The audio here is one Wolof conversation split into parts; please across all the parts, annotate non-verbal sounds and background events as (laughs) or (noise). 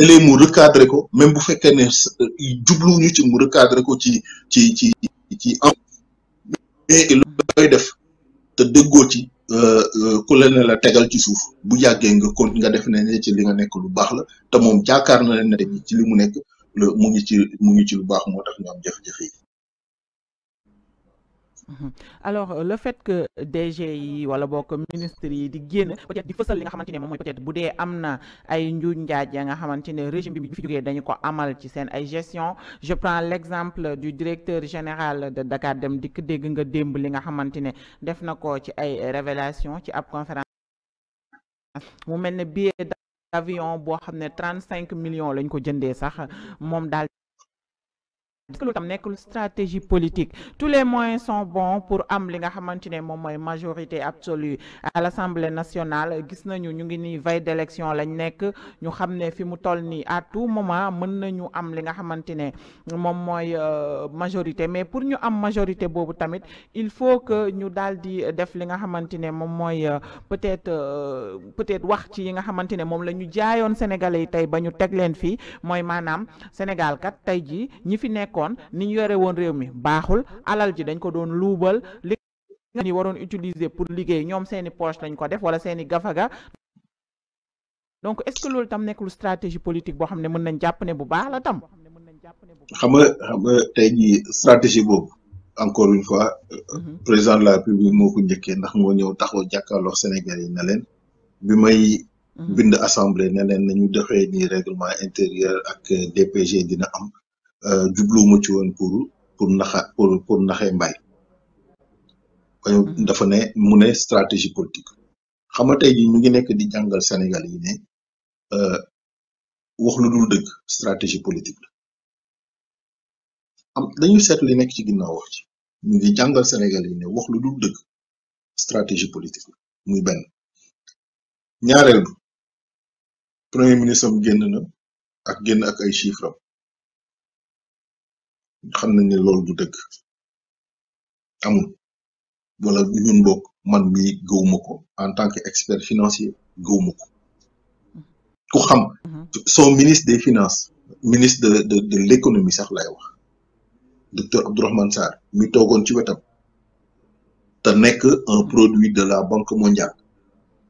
ëllëg mu recadré ko même bu fekkee ne euh, jubluwuñu ci mu recadré ko ci ci ci ci am mais looy def te déggoo ci euh, euh, ku la ne la tegal ci suuf bu yàggee nga kon nga def ne ci li nga nekk lu baax la te moom jaakaar na ne ci li mu nekk mu ngi ci mu ngi ci lu baax moo tax ñu am jafe-jafe (laughs) alors euh, le fait que DGI yi wala bokk ministère yi di génn peut être di fësal li nga xamante ne peut être bu dee am na ay njuuj njaaj ya nga xamante régime bi bi fi jógee dañu ko amal ci seen ay gestion je prends l'exemple du directeur général de Dakar Dem Dikk dégg nga démb li nga xamante ne def na ko ci ay révélation ci ab conférence mu mel ne billet d' avion boo xam trente cinq millions lañ ko jëndee sax moom daal lu tam nekkul stratégie politique tous les moyens sont bons pour am li nga xamante ne moom majorité absolue à l'Assemblée nationale gis nañu ñu ngi nii veille d'élection lañ nekk ñu xam ne fi mu toll nii à tout moment mën nañu am li nga xamante ne moom euh, majorité mais pour ñu am majorité boobu tamit il faut que ñu daal di def li nga xamante ne moom euh, peut-être euh, peut-être wax ci yi nga xamante ne moom la ñu jaayoon Sénégalais yi tey ba ñu teg leen fii Sénégal kat tey ji ñi fi nekk nekkoon ni ñu yoré won réew mi baaxul alal ji dañ ko doon loubal li nga ni waron utiliser pour liggéey ñom seeni poche lañ ko def wala seeni gafaga donc est-ce que lool tam nekkul stratégie politique bo xamné mën nañ japp né bu baax la tam. xam nga xam nga tey jii stratégie boobu encore une fois mhm. président de la république moko ko ndax moo ñëw taxo jàkkaarloo Sénégal yi na leen bi may mhm. bind assemblée ne leen nañu defee ni règlement intérieur ak DPG dina am Euh, jubluwuma ci woon pour pour naxa pour pour naxee mbay mm-hmm. dafa ne mu ne stratégie politique xam nga tey ji ñu ngi nekk di euh, jàngal Sénégal yi ne wax lu dul dëgg stratégie politique la am dañu seetlu li nekk ci ginnaaw wax ci ñu ngi jàngal Sénégal yi wax lu dul dëgg stratégie politique muy benn ñaareel bi premier ministre am génn na ak génn ak ay chiffres xam nañ ne loolu du dëgg amul wala ñun bokk man mii gëwuma ko en tant que expert financier gëwuma ko ku xam mhm. son ministre des finances ministre de de de l'économie sax lay wax docteur Abdourahmane Sarr mi toogoon ci wetam te nekk un mhm. produit de la banque mondiale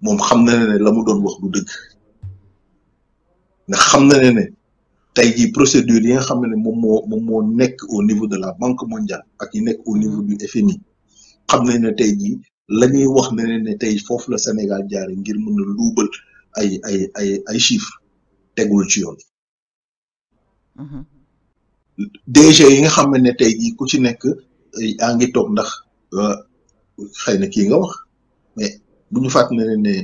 moom xam na ne ne la mu doon wax du dëgg ndax xam na ne ne tey jii procédure yi nga xamné mom mo moo moom au niveau de la banque mondiale ak yi nek au niveau mm. du FMI xam nañ ne tey jii la wax né ne tey la Sénégal jaar ngir mëna a ay ay ay ay chiffres tegul ci yoon. Mm-hmm. DG yi nga xamné ne tey ku ci nek eh, yaa ngi ndax euh, xëy na kii nga wax mais buñu ñu fàttali ne ne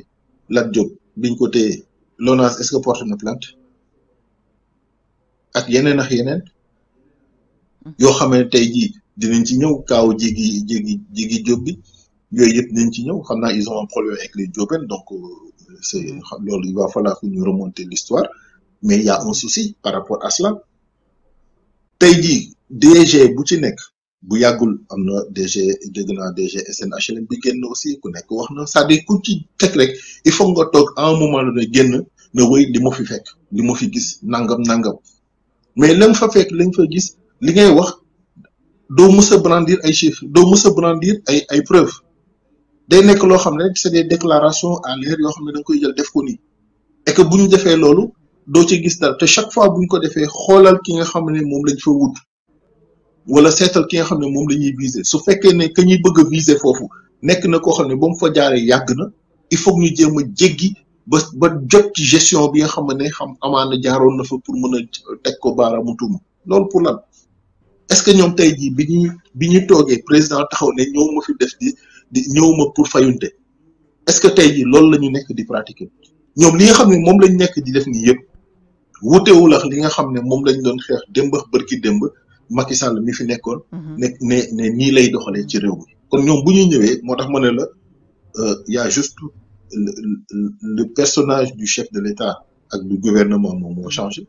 Lat Diop biñ ko téyé LONASE est-ce que porte une plainte ak yeneen ak yeneen yoo xam ne tey jii dinañ ci ñëw kaaw jigi jigi jigi jóob bi yooyu yëpp dinañ ci ñëw xam naa ils ont un problème avec les Diobène donc euh, c'est mm-hmm. loolu il va falloir que ñu remonter l'histoire mais il y a un souci par rapport à cela tey jii DG bu ci nekk bu yàggul am na DG dégg naa DG SNHLM bi génn aussi ku nekk wax na cest dire ku ci teg rek il faut nga toog à un moment donné génn ne wéy li ma fi fekk li ma fi gis nangam nangam mais la nga fa fekk la fa gis li ngay wax doo mës a brandir ay chef doo mës a brandir ay ay preuves day nekk loo xam ne rek c'est des déclaration à l'air yoo xam ne da koy jël def ko nii et que bu ñu defee loolu doo ci gis dara te chaque fois bu ko defee xoolal ki nga xam ne moom lañ fa wut wala seetal ki nga xam ne moom la ñuy viser su fekkee ne que ñuy bëgg a foofu nekk na koo xam ne ba mu fa jaaree yàgg na il faut ñu jéem a jéggi ba ba jot gestion bi nga xam ne xam amaana jaaroon na fa pour mën a teg ko baaraamu tuuma loolu pour lan est-ce que ñoom tey jii bi ñuy bi ñu toogee président taxaw ne ñëw ma fi def di di ñëw ma pour fayunte est-ce que tey jii loolu la ñu nekk di pratiquer ñoom li nga xam ne moom lañ nekk di def nii yëpp wutewul ak li nga xam ne moom lañ doon xeex dëmb ak bërki démb Macky Sall mi fi nekkoon. Mm-hmm. ne nii lay doxalee ci réew mi. kon ñoom bu ñu ñëwee moo tax ma ne la euh, y a le, personnage du chef de l'État et du gouvernement a changé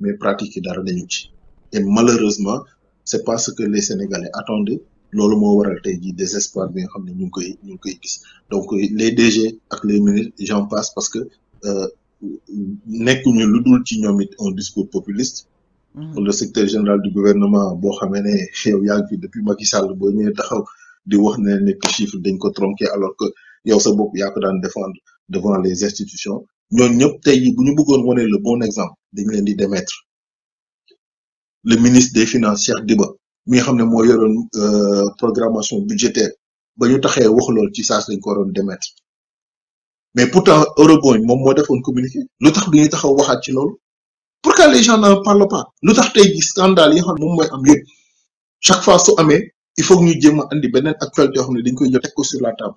mais pratique yi et malheureusement c'est pas ce que les Sénégalais attendaient loolu moo waral désespoir bi nga ne donc les DG et les ministres j'en passe parce que euh, nous avons dul ci ñoom un discours populiste mm-hmm. le secteur général du gouvernement (laughs) a depuis Macky Sall boo ñëwee taxaw di wax chiffre ko alors que yow sa bopp yaa ko daan défendre devant les institutions ñoon ñëpp tey yi bu ñu bëggoon wane le bon exemple dañ leen di démettre le ministre des finances Cheikh Diba mi nga xam ne moo yoroon euh, programmation budgétaire ba ñu taxee wax lool ci saas lañ ko waroon démettre mais pourtant Eurobond moom moo defoon communiqué lu tax du ñu taxaw waxaat ci loolu pourquoi les gens n'en parlent pas lu tax tey ji scandale yi nga xam ne moom mooy am yëpp chaque fois su amee il faut que ñu jéem a andi beneen actualité yoo xam ne dañ koy jot teg ko sur la table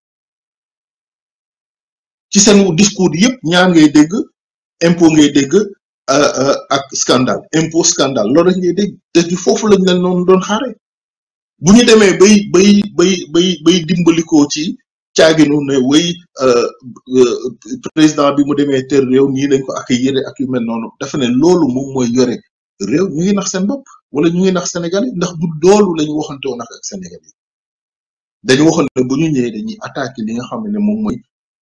ci seen discours yëpp ñaar ngay dégg impôt ngay dégg euh, euh, ak scandale impôt scandale loolu ngay te foofu lañ leen noonu doon xaare bu ñu demee bay bay bay bay bay dimbalikoo ci caaginu ne way euh, président bi mu demee tër réew nii lañ ko accueillir ak yu mel noonu dafa ne loolu moom mooy yore réew ñu ngi nax seen bopp wala ñu ngi nax sénégalais ndax du loolu la ñu waxante woon ak sénégalais dañu waxoon ne bu ñu ñëwee dañuy attaqué li nga xam ne moom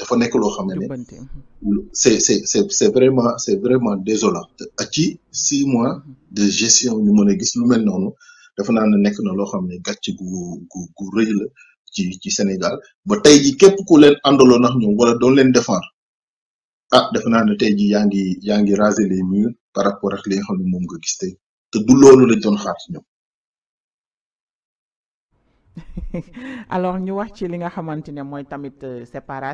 dafa nekk loo xam ne c' c'est c' c'est vraiment c'est vraiment désolant ak ci six mois de gestion ñu mën a gis lu mel noonu dafa naa ne nekk na loo xam ne gàcc gu gu gu rëy la ci ci Sénégal ba tey ji képp ku leen àndaloon ak ñoom wala doon leen défendre ah dafa naa ne tey ji yaa ngi yaa ngi raser les murs par rapport ak li nga xam ne moom nga gis tey te du loolu lañ doon xaar ci ñoom (laughs) alors ñu wax ci li nga xamante ne mooy tamit euh, séparation